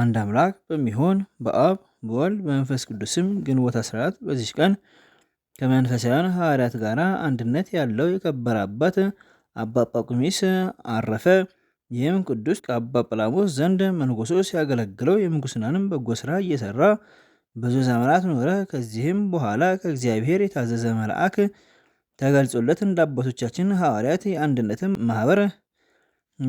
አንድ አምላክ በሚሆን በአብ በወልድ በመንፈስ ቅዱስም ግንቦት 14 በዚች ቀን ከመንፈሳውያን ሐዋርያት ጋር አንድነት ያለው የከበረ አባት አባ ጳቁሚስ አረፈ። ይህም ቅዱስ ከአባ ጳላሞስ ዘንድ መንጎሶ ሲያገለግለው የምንኩስናንም በጎ ስራ እየሰራ ብዙ ዘመናት ኖረ። ከዚህም በኋላ ከእግዚአብሔር የታዘዘ መልአክ ተገልጾለት እንደ አባቶቻችን ሐዋርያት የአንድነትን ማህበር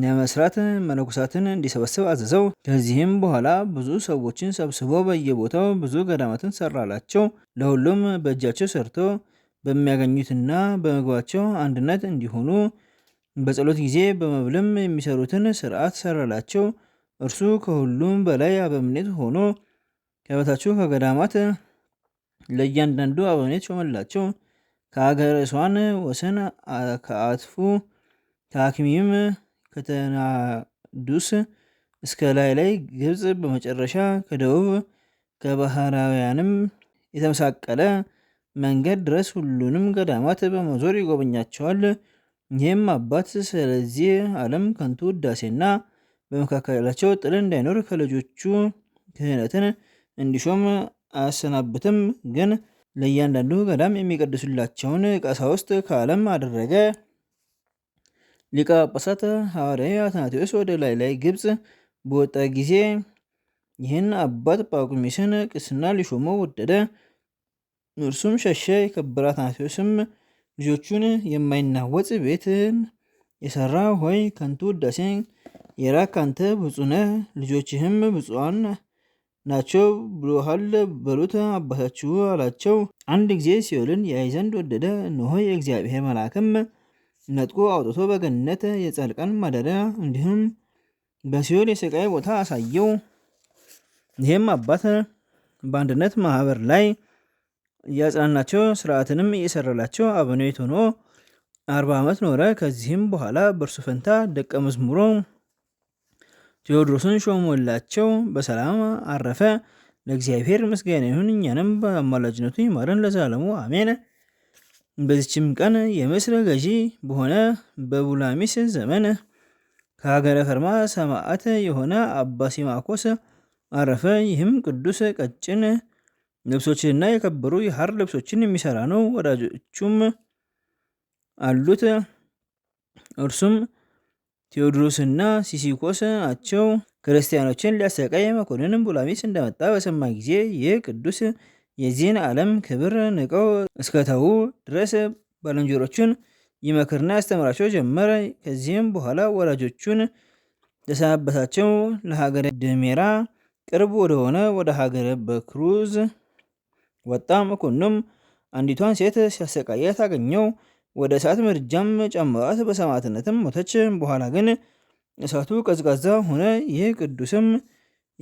ለመስራት መነኮሳትን እንዲሰበስብ አዘዘው። ከዚህም በኋላ ብዙ ሰዎችን ሰብስቦ በየቦታው ብዙ ገዳማትን ሰራላቸው። ለሁሉም በእጃቸው ሰርቶ በሚያገኙትና በምግባቸው አንድነት እንዲሆኑ በጸሎት ጊዜ በመብልም የሚሰሩትን ስርዓት ሰራላቸው። እርሱ ከሁሉም በላይ አበምኔት ሆኖ ከበታችሁ ከገዳማት ለእያንዳንዱ አበምኔት ሾመላቸው። ከሀገረ እሷን ወሰን ከአትፉ ከአክሚም ከተናዱስ እስከ ላይ ላይ ግብፅ በመጨረሻ ከደቡብ ከባህራውያንም የተመሳቀለ መንገድ ድረስ ሁሉንም ገዳማት በመዞር ይጎበኛቸዋል። ይህም አባት ስለዚህ ዓለም ከንቱ ውዳሴና በመካከላቸው ጥል እንዳይኖር ከልጆቹ ክህነትን እንዲሾም አያሰናብትም። ግን ለእያንዳንዱ ገዳም የሚቀድሱላቸውን ቀሳውስት ከዓለም አደረገ። ሊቀ ጳጳሳት ሐዋርያ አትናቴዎስ ወደ ላይ ላይ ግብፅ በወጣ ጊዜ ይህን አባት ጳቁሚስን ቅስና ሊሾመው ወደደ። እርሱም ሸሸ። የከበረ አትናቴዎስም ልጆቹን የማይናወጽ ቤትን የሰራ ሆይ ከንቱ ውዳሴን የራ አንተ ብፁነ ልጆችህም ብፁዋን ናቸው ብሎሃል በሉት አባታችሁ አላቸው። አንድ ጊዜ ሲኦልን ያይ ዘንድ ወደደ። እነሆ የእግዚአብሔር መልአክም ነጥቆ አውጥቶ በገነት የጸልቀን ማደሪያ እንዲሁም በሲኦል የስቃይ ቦታ አሳየው። ይህም አባት በአንድነት ማህበር ላይ እያጽናናቸው ስርዓትንም እየሰራላቸው አበኔት ሆኖ አርባ ዓመት ኖረ። ከዚህም በኋላ በእርሱ ፈንታ ደቀ መዝሙሮ ቴዎድሮስን ሾሞላቸው፣ በሰላም አረፈ። ለእግዚአብሔር ምስጋና ይሁን፣ እኛንም በአማላጅነቱ ይማረን ለዘላለሙ አሜን። በዚችም ቀን የምስር ገዢ በሆነ በቡላሚስ ዘመን ከሀገረ ከርማ ሰማዕት የሆነ አባ ሲማኮስ አረፈ። ይህም ቅዱስ ቀጭን ልብሶችንና የከበሩ የሐር ልብሶችን የሚሰራ ነው። ወዳጆቹም አሉት። እርሱም ቴዎድሮስና ሲሲኮስ ናቸው። ክርስቲያኖችን ሊያሰቃይ መኮንን ቡላሚስ እንደመጣ በሰማ ጊዜ ይህ ቅዱስ የዚህን ዓለም ክብር ንቀው እስከተዉ ድረስ ባልንጀሮቹን ይመክርና ያስተምራቸው ጀመረ። ከዚህም በኋላ ወላጆቹን ተሰናበታቸው። ለሀገረ ድሜራ ቅርብ ወደሆነ ወደ ሀገረ በክሩዝ ወጣ። መኮንኑም አንዲቷን ሴት ሲያሰቃያት አገኘው። ወደ እሳት ምድጃም ጨመሯት፣ በሰማዕትነትም ሞተች። በኋላ ግን እሳቱ ቀዝቃዛ ሆነ። ይህ ቅዱስም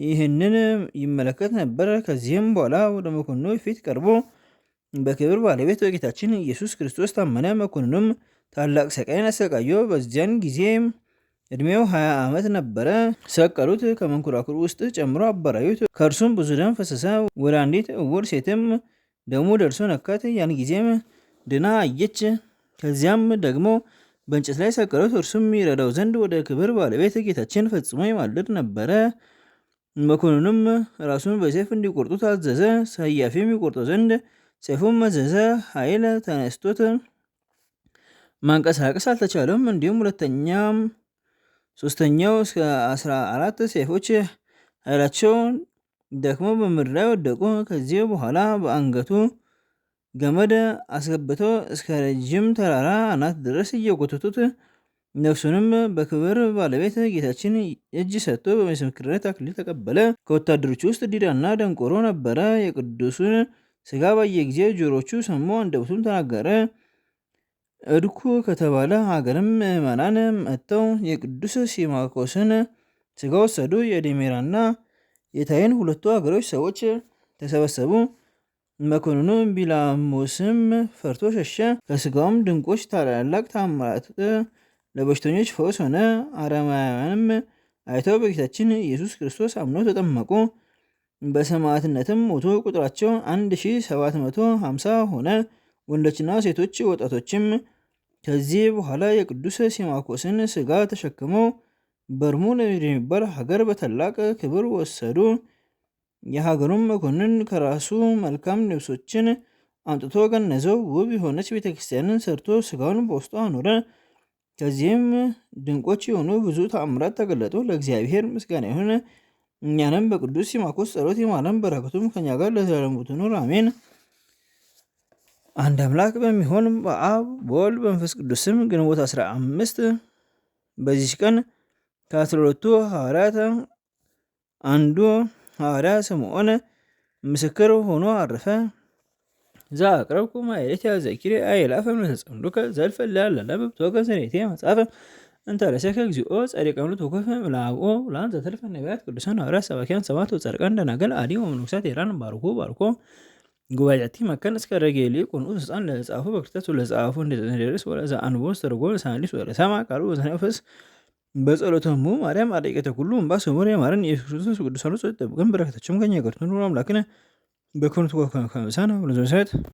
ይህንን ይመለከት ነበረ። ከዚህም በኋላ ወደ መኮንኑ ፊት ቀርቦ በክብር ባለቤት በጌታችን ኢየሱስ ክርስቶስ ታመነ። መኮንኑም ታላቅ ሰቃይን አሰቃዩ። በዚያን ጊዜ እድሜው ሀያ ዓመት ነበረ። ሰቀሉት፣ ከመንኮራኩር ውስጥ ጨምሮ አበራዩት። ከእርሱም ብዙ ደም ፈሰሰ። ወደ አንዲት እውር ሴትም ደሙ ደርሶ ነካት። ያን ጊዜም ድና አየች። ከዚያም ደግሞ በእንጨት ላይ ሰቀሉት። እርሱም ይረዳው ዘንድ ወደ ክብር ባለቤት ጌታችን ፈጽሞ ይማልድ ነበረ። መኮንኑም ራሱን በሰይፍ እንዲቆርጡ ታዘዘ። ሰያፊም ይቆርጦ ዘንድ ሰይፉን መዘዘ። ኃይል ተነስቶት ማንቀሳቀስ አልተቻለም። እንዲሁም ሁለተኛም ሶስተኛው እስከ አስራ አራት ሰይፎች ኃይላቸው ደክሞ በምድር ላይ ወደቁ። ከዚህ በኋላ በአንገቱ ገመድ አስገብተው እስከ ረጅም ተራራ አናት ድረስ እየጎተቱት ነፍሱንም በክብር ባለቤት ጌታችን እጅ ሰጥቶ በምስክርነት አክሊል ተቀበለ። ከወታደሮቹ ውስጥ ዲዳና ደንቆሮ ነበረ። የቅዱሱን ስጋ ባየ ጊዜ ጆሮቹ ሰሞ አንደበቱም ተናገረ። እድኩ ከተባለ ሀገርም ምዕመናን መጥተው የቅዱስ ሲማኮስን ስጋ ወሰዱ። የደሜራና የታይን ሁለቱ ሀገሮች ሰዎች ተሰበሰቡ። መኮንኑ ቢላሞስም ፈርቶ ሸሸ። ከስጋውም ድንቆች ታላላቅ ታምራት ለበሽተኞች ፈውስ ሆነ። አረማውያንም አይተው በጌታችን ኢየሱስ ክርስቶስ አምነው ተጠመቁ። በሰማዕትነትም ሞቱ። ቁጥራቸው 1750 ሆነ። ወንዶችና ሴቶች ወጣቶችም ከዚህ በኋላ የቅዱስ ሲማኮስን ስጋ ተሸክመው በርሙን የሚባል ሀገር በታላቅ ክብር ወሰዱ። የሀገሩም መኮንን ከራሱ መልካም ልብሶችን አምጥቶ ገነዘው ውብ የሆነች ቤተክርስቲያንን ሰርቶ ስጋውን በውስጡ አኖረ። ከዚህም ድንቆች የሆኑ ብዙ ተአምራት ተገለጡ። ለእግዚአብሔር ምስጋና ይሁን፣ እኛንም በቅዱስ ሲማኮስ ጸሎት ይማረን፣ በረከቱም ከኛ ጋር ለዘላለሙ ትኑር አሜን። አንድ አምላክ በሚሆን በአብ በወልድ በመንፈስ ቅዱስም ግንቦት 15 አምስት በዚች ቀን ከአስራ ሁለቱ ሐዋርያት አንዱ ሐዋርያ ስምዖን ምስክር ሆኖ አረፈ። ዘአቅረብኩ ማየት ዘኪሬ አእላፈ እምነተጸምዱከ ዘልፈ እለ ለብብቶከ ዘሬቴ መጽሐፈ እንተረሰከ ረሴከ እግዚኦ ጸዲቀኑ ተኮፈ ምላብኦ ላን ዘተልፈ ነቢያት ቅዱሳን ሐዋርያት ሰባኪያን ሰባት ጸድቃን እንደናገል አዲ ወመነኮሳት ኤራን ባርኩ ባርኮ ጉባኤቲ መከን እስከ ረጌሊ ቁንዑት ህፃን ለጻፉ በክርተቱ ለጻፉ እንደደርስ ወለዛ አንቦ ስተርጎ ሳሊስ ወለሰማ ቃሉ ወዘነፈስ በጸሎተሙ ማርያም አደቂቀተ ኩሉ እምባ ሰሙር የማረን ኢየሱስ ክርስቶስ ቅዱሳኑ ጸጥ ጥብቅን በረከታቸውም ከኛ ጋር ትኑር አምላክነ بكون تكون خمسة أنا ونزل سعد